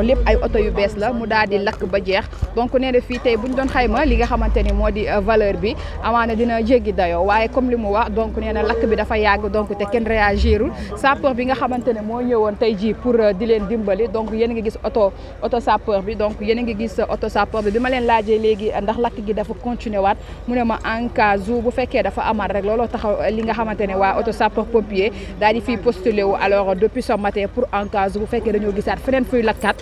lépp ay oto yu bees la mu daal di lakk ba jeex donc nee na fii tey buñ doon xayma li nga xamante ni moo di euh, valeur bi amaana dina jéggi dayoo waaye comme li mu wax donc nee na lakk bi dafa yàgg donc te kenn réagirul sapeur bi nga xamante ne moo ñëwoon tey jii pour euh, di leen dimbali donc yéen a ngi gis oto oto sapeur bi donc yéen a ngi gis oto sapeur bi bi ma leen laajee léegi ndax lakk gi dafa continuer waat mu ne ma en cas où bu fekkee dafa amaat rek looloo taxaw euh, li nga xamante ne waa oto sapeur pompier daal di fiy postulé wu alors depuis ce matin pour en cas bu fekkee dañoo gisaat feneen fuy lakkaat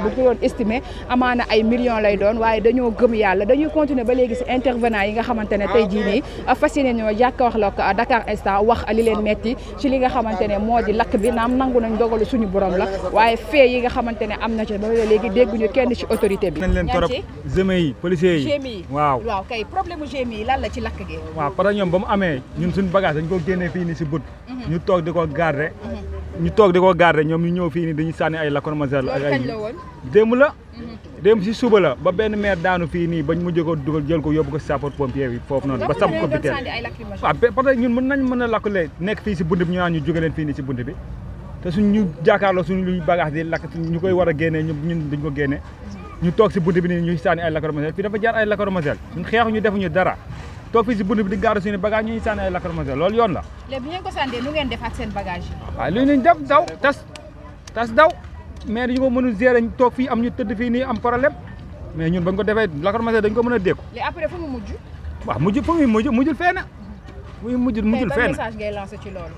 bu ko doon estimé amaana ay million lay doon waaye dañoo gëm yàlla dañuy continuer ba léegi si intervenant yi nga xamante ne tey jii nii fas yéene ñoo jàkkaarloog Dakar Instant wax li leen metti ci li nga xamante ne moo di lakk bi naam nangu nañ dogalu suñu borom la waaye fee yi nga xamante ne am na ci ba léegi ñu kenn ci autorité bi. nañ leen torop GMI yi policiers yi waaw waaw kay problème GMI yi lan la ci lakk gi. ñoom ba mu amee ñun suñu bagage dañ ko génnee fii ni si bët mhm. ñu toog di ko garder mhm. ñu toog di ko garder ñoom ñu ñëw fii nii dañuy sànni ay lacrymogène ak ay la mhm. démb si suba la ba benn maire daanu fii nii bañ mujj ko dugal jël ko yóbbu ko si sapeur pompier bi foofu noonu ba samp ko biteel parce que ñun mën nañ mën a lakkale nekk fii si bunt bi ñu naan ñu jóge leen fii nii si bunt bi te suñ ñu jàkkaarloo suñu luy bagage di lakk ñu koy war a génnee ñun dañ ko génne mhm. ñu toog si bunt bi nii ñuy sànni ay lacrymogène fii dafa jaar ay lacrymogène ñun xeexuñu defuñu dara tok fi ci buntu bi di garu suñu bagage ñuy sané ay lacrymogène loolu yoon la léegi ñu ko sandé nu ngeen def ak seen bagage yi lu ñu def daw tas tas daw mais dañu ko mënu gérer toog fi am ñu tëdd fi ni am problème mais ñun bañ ko defee lacrymogène dañ ko mëna dékk dékku après fu mu mujj wax mujj fu mu mujj mujjul fenn muy mujjul mujjul fenn message ngay lancer ci lool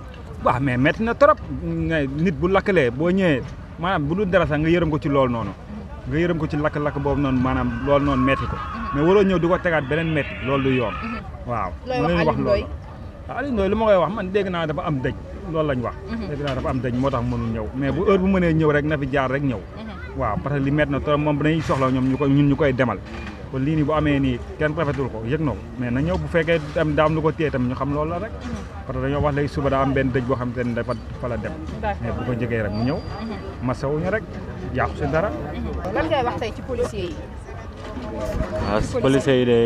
wax mais metti na trop nit bu lakalé bo ñëwee manam bu lu dara sax nga yërëm ko ci loolu noonu nga yërëm ko ci lakk-lakk boobu noonu maanaam loolu noonu metti ko mhm. mais waroo ñëw di ko tegaat beneen metti loolu du yoon mhm. waaw ma wax loolu Aliou Ndoye li ma koy wax man dégg naa dafa am dëj loolu lañu wax mhm. dégg naa dafa am dëj moo tax mënul ñëw mais bu heure bu mënee ñëw rek na fi jaar rek ñëw waaw parce que li metti na trop moom dañuy soxla ñoom ñu koy ñun ñu koy demal kon lii nii bu amee nii kenn rafetul ko yëg na ko mais na ñëw bu fekkee tam daam ko téye tam ñu xam loolu la rek parce que dañoo wax suba daa am benn boo xam ne dafa fa la dem mais bu ko rek mu ñëw ma sawuñu rek yàqu si dara. lan yi. waaw ah,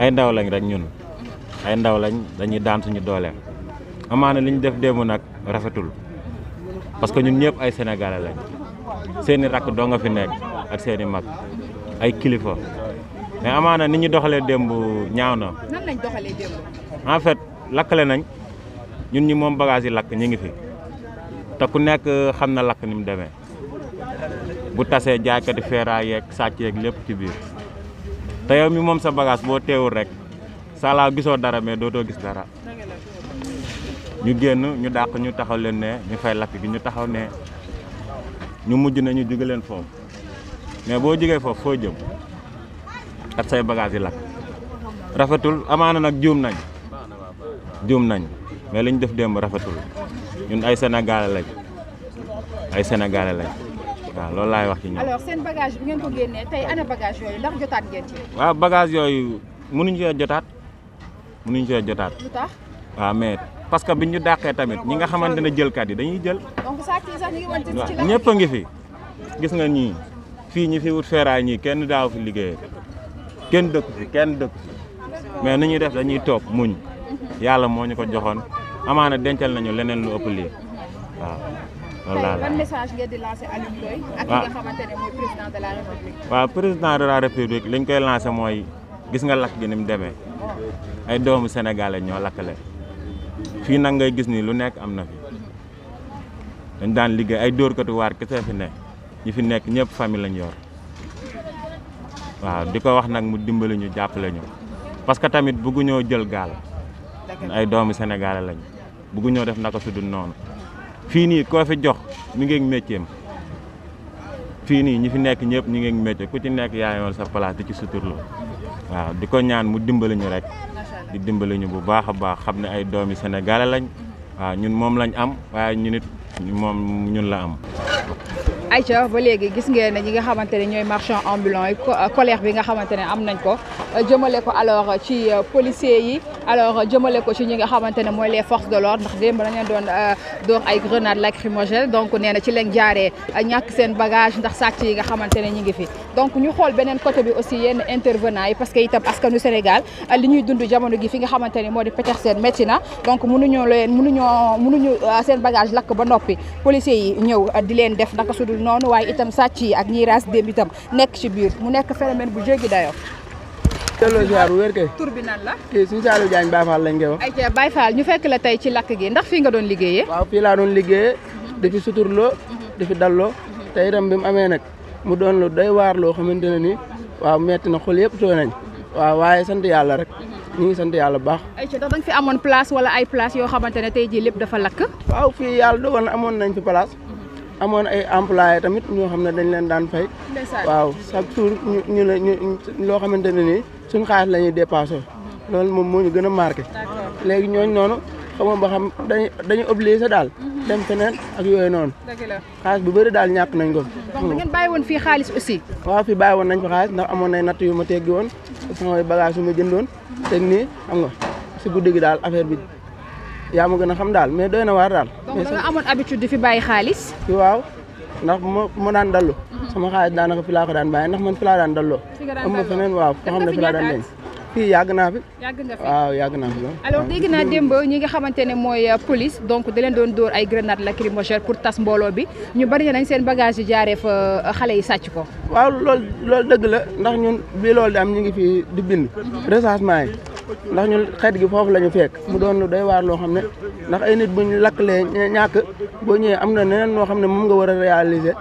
ay ndaw lañ rek ñun ay ndaw lañ dañuy daan suñu doole amaana li def démb nag rafetul parce que ñun ñëpp ay sénégalais lañ seeni rakk doo nga fi nekk ak seeni mag ay kilifa mais amaana ni ñu doxalee démb ñaaw na. nan lañ doxalee démb. fait lakkale nañ ñun ñi moom bagage yi lakk ñu ngi fi te ku nekk xam na lakk ni mu demee. bu tasee jaaykati feeraay yeeg sàcc yeeg lépp ci biir te mi moom sa bagage boo teewul rek sala gisoo dara mais doo gis dara ñu génn ñu dàq ñu taxaw leen ne ñu fay lakk bi ñu taxaw ne ñu mujj na ñu jóge leen foofu mais boo jógee foofu foo jëm ak say bagage yi lakk rafetul amaana nag juum nañ juum nañ mais li ñu def démb rafetul ñun ay sénégalais lañ ay sénégalais lañ waaw loolu laay wax ci ñoom. alors seen bagage yooyu ndax jotaat ngeen ci. waaw bagage yooyu mënuñ see jotaat mënuñ see jotaat. lu waaw mais parce que biñ ñu dàqee tamit ñi nga xamante ne jëlkat yi dañuy jël. donc ngi ñëpp a ngi fi gis nga ñii fii ñi fi wut feeraay ñii kenn daaw fi liggéeyee kenn dëkk fi kenn dëkk fi mais ni ñuy def dañuy toog muñ mhm. yàlla moo ñu ko joxoon amaana dencal nañu leneen lu ëpp lan message di lancer Aliou Ndoye ak gis nga lakk gi ni mu ay doomu sénégalais ñoo lakkale fii nag ngay gis ni lu nekk am fi dañ daan liggéey ay dóorkatu waar kese fi ñi fi famille lañ yor waaw wax mu ñu ñu parce que tamit jël ay doomu sénégalais lañ def naka fii nii koo fi jox mi ngi ak fii nii ñi fi nekk ñëpp ñu ngeen ak métier ku ci nekk yaa yoon sa place di ci suturlu waaw di ko ñaan mu dimbali ñu rek di dimbali ñu bu baax a baax xam ne ay doomi Sénégal lañ waaw ñun moom lañ am waaye ñun it moom ñun la am. Aïcha ba léegi gis ngeen ne ñi nga xamante ne ñooy marchand ambulant yi bi nga xamante ne am nañ ko jëmale ko alors ci euh, policiers yi. alors jëmale ko ci ñi nga xamante ne les forces de l'ordre ndax démb dañu doon euh, door ay grenades lacrymogènes donc nee na ci lañ jaaree euh, ñàkk seen bagage ndax sàcc yi nga xamante ñi ngi fi donc ñu xool benen côté bi aussi yenn intervenants parce que itam askanu Sénégal euh, li ñuy dund jamono gi fi nga xamante ne moo di Petersen métti na donc mënuñoo leen mënuñoo mënuñu seen bagage lak ba nopi policiers yi ñëw di leen def naka sudul noonu way itam sàcc yi ak ñi ras dem itam nek ci biir mu nek phénomène bu jéggi dayo delloo ziar bu wér kay. tur bi nan la. kii suñu Saliou Diagne Baye Fall lañ koy wax. ayca Baye Fall ñu fekk la ci lakk gi ndax fii nga doon liggéeyee. waaw fii doon liggéeyee. di fi suturloo. di fi dalloo. te itam bi mu amee nag mu doon lu doy waar loo xamante ne ni waaw metti na xol yëpp tooy nañ waa waaye sant yàlla rek. ñu ngi sant yàlla bu baax. ayca da nga fi amoon place wala ay place yoo xamante ne tey jii lépp dafa lakk. waaw fii yàlla dogal na amoon nañ fi place. amoon ay employé tamit ñoo xam ne dañ leen daan fay waaw chaque jour ñu ne ñu loo xamante ne nii suñ xaalis la ñuy dépassé loolu moom moo ñu gën a marqué léegi ñooñ noonu xamoo ba xam dañuy dañuy obligé daal mhm. dem feneen ak yooyu noonu xaalis bu bëri daal ñàkk nañ ko da ngeen bàyyi woon fii xaalis aussi waaw fii bàyyi woon nañ fa xaalis ndax amoon nay natt yu ma teggi woon samay bagage yu ma jëndoon mhm. te nii xam nga si guddi gi daal affaire bi yaa ma gën a xam daal mais doy na waar daal. donc da nga fi bàyyi xaalis. waaw ndax ma ma daan dallu. sama xaalis daanaka daan bàyyi ndax man fi laa daan dalloo. fi nga daan dalloo am na feneen waaw foo xam ne fi laa daan yàgg naa fi. waaw yàgg naa fi lool. alors dégg naa démb ñi nga xamante ne mooy euh, police donc da leen doon dóor ay grenade lacrymogène pour tas mbooloo bi ñu bari nañ seen bagage yi jaaree fa euh, xale yi sàcc ko. waaw lool loolu dëgg la ndax ñun bii loolu di ñu ngi fi di bind recensement yi ndax ñun xeet gi foofu la ñu fekk mu doon lu doy waar loo xam ne ndax ay nit bu buñ lakkalee ñàkk boo ñëwee am na neneen noo xam ne moom nga war a réaliser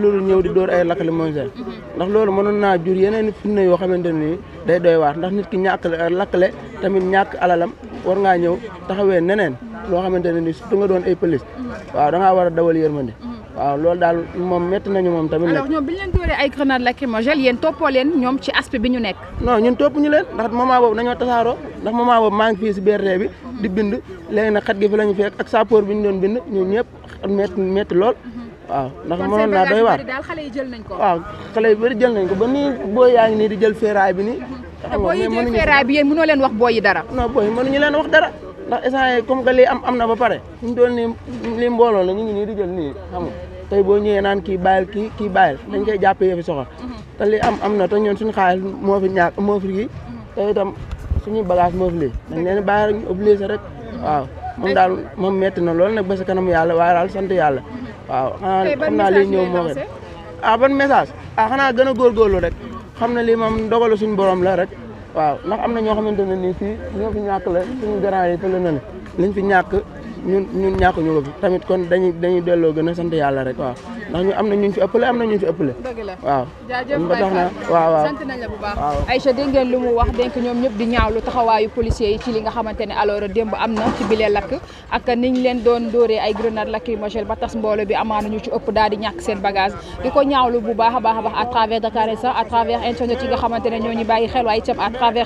loolu ñëw di door ay lakkale monsel ndax loolu mënoon naa jur yeneen fitna yoo xamante ne nii day doy waar ndax nit ki ñàkk euh, lakkale tamit ñàkk alalam war ngaa ñëw taxawee neneen loo xamante ne nii surtout nga doon ay police waaw da ngaa war a dawal yërmande waaw loolu daal moom métti nañu moom tamit. alors ñoom bi ñu leen dóoree ay grenades lacrymogènes yéen toppoo leen ñoom ci aspect bi ñu nekk. non ñun topp ñu leen ndax moment boobu dañoo tasaaroo ndax moment boobu maa ngi fii si BRT bi. di bind léegi nag xet gi fi la ñu ak sapeur bi ñu doon bind ñun ñëpp métti métti lool. waaw ndax mënoon naa doy waar daal xale yi jël nañ ko. waaw xale yi jël nañ ko ba nii booy yaa ngi nii di jël feeraay bi nii. Mhm. xam nga mais mënuñu te booy yi jël feeraay bi yéen mënoo leen wax boo yi dara. non booy yi mënuñu leen wax dara ndax instant comme que lii am am na ba pare fi dool doon lii mbooloo la ñu ngi nii di jël nii xam nga tey boo ñëwee naan kii bàyyil kii kii bàyyil dañ koy jàppee yëfi soxor mhm. te lii am am na te ñun suñu xaalis moo fi ñaak moo fi kii mhm. te itam suñuy bagage moo fi lii dañ leen bàyyi rek ñu obligé rek mhm. waaw moom daal moom metti na loolu nag ba sa kanam yàlla waaye daal sant yàlla waaw xanaa xam naa lii ñëw moo a ah, ban message a ah, xanaa gën a góorgóorlu rek xam na lii moom dogalu suñu borom la rek waaw ndax am na ñoo xamante ne nii fii ñoo fi ñàkk la suñu garaan yi fële na ne fi ñàkk ñun ñun ñàkk ñu tamit kon dañuy dañuy delloo gën a sant yàlla rek waaw ndax am na ñu fi ëppale am na ñu fi ëppale. waaw. jaajëf ba lu mu wax dénk ñoom ñëpp di ñaawlu taxawaayu policiers yi ci li nga xamante ne alors démb am na ci bile lakk ak niñ leen doon dóoree ay grenade lacrymogène ba tas mbooloo bi amaana ñu ci ëpp daal di ñàkk seen bagage di ko ñaawlu bu baax a baax a baax à travers Dakar sax à travers internet yi nga xamante ne ñoo ñu bàyyi xel waaye itam yi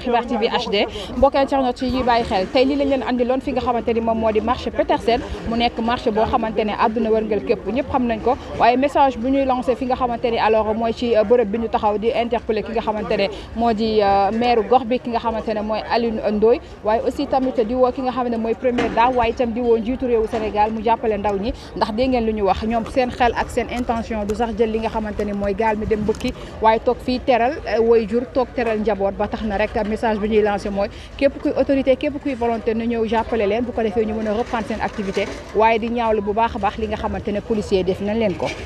ñuy bàyyi xel tey lii lañ leen andiloon fi nga xamante ni moom moo di marché Petersen mu nekk marché boo xamante ne àdduna wërngal képp ñëpp xam nañ ko ay message bu ñuy lancer fi nga xamantene alors moy ci bërëb bi ñu taxaw di interpeller ki nga xamantene modi maire gox bi ki nga xamantene moy Aline Ndoy waye aussi tamit di wo ki nga xamantene moy premier da waye tam di wo njiitu rew Sénégal mu jàppale ndaw ñi ndax de ngeen lu ñu wax ñom seen xel ak seen intention du sax jël li nga xamantene moy gal mi dem bëkki waye tok fi teral way jur tok teral njabot ba taxna rek message bu ñuy lancer moy képp kuy autorité képp kuy volonté na ñëw jàppale leen bu ko défé ñu mëna reprendre seen activité waye di ñaawlu bu baax baax li nga xamantene policier def nañ leen ko